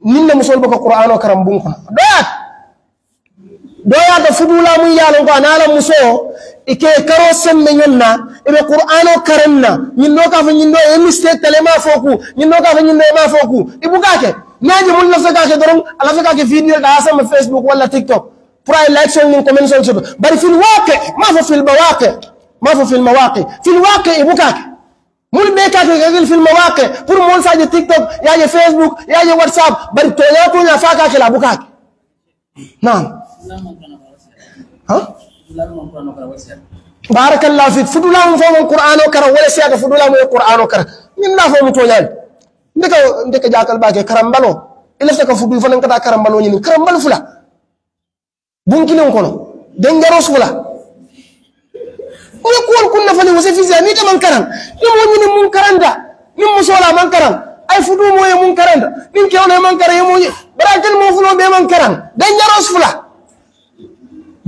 minne musol boko qur'an o karam bun ko doyat doyata fudula mun yalon ko anala muso ike karo semme nyonna ibe qur'an o karanna nyindo ka fa nyindo e mistake telema foku nyindo ka fa nyindo e ma foku ibuka ke naji mun lafsa ka ke dorum alafsa ka ke video da asama facebook wala tiktok pray e like share nin comment share bari fil waqi ma fa fil bawaqi ma fa fil mawaqi fil waqi ibuka e ke Mun be ka ke gil fil mawaqi pour mon sa je tiktok ya je facebook ya je whatsapp bari to ya ko na fa ka ke la buka naam ha barakallahu fik fudula mun fo qur'ano kara wala siya ka fudula mun qur'ano kara min na fo mu to yal ndika ndika jakal ba ke karambalo ila sa ka fudul fo nan kata karambalo ni karambalo fula bunkilin kono dengaro fula ko ko kunna muso fisaya n'i tɛ mankaran ni mo min ni munkaran da ni muso la mankaran ay fudu mo ye munkaran da ni kɛw na mankaran ye mo ye barakel mo fulo be mankaran da nyaros fula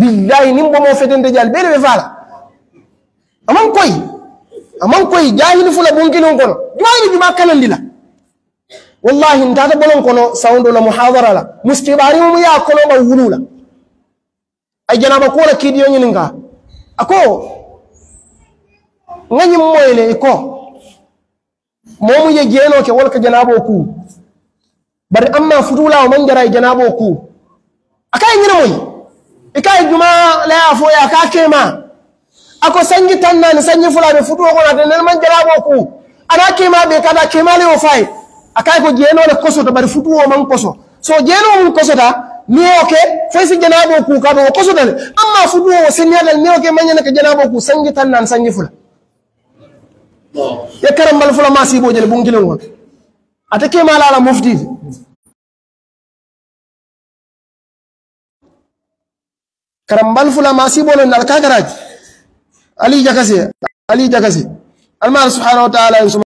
billahi ni mo mo fete de jal be be fala aman koy aman koy jahil fula bunkilon kono ni juma kanan dila wallahi ntata bolon kono saundo la muhadara la mustibari mo ya kono ba wulula ay janaba ko la kidiyo nyininga ako ŋañi ne iko momu ye jeno ke walka janabo ku bari amma futula o man jara e janabo ku akai ñina ika yi juma laya ya ka ma ako sanji tannani sanji fulani futuo konate nen man jarabo ku ana kema ɓe kada kemale a ka akai ko koso da bari fudula man koso so jeno mum ni oke fai su janabo ku ka ba ko su dal amma fudu wa da ni oke manyan ka janabo ku sanyi tan ni sanyi fula ye karam bal fula ma sibo jele bun kilin won ata ke mala ala mufti karam bal fula ma sibo lon dal kakaraj ali jakase ali jakase almar subhanahu wa ta'ala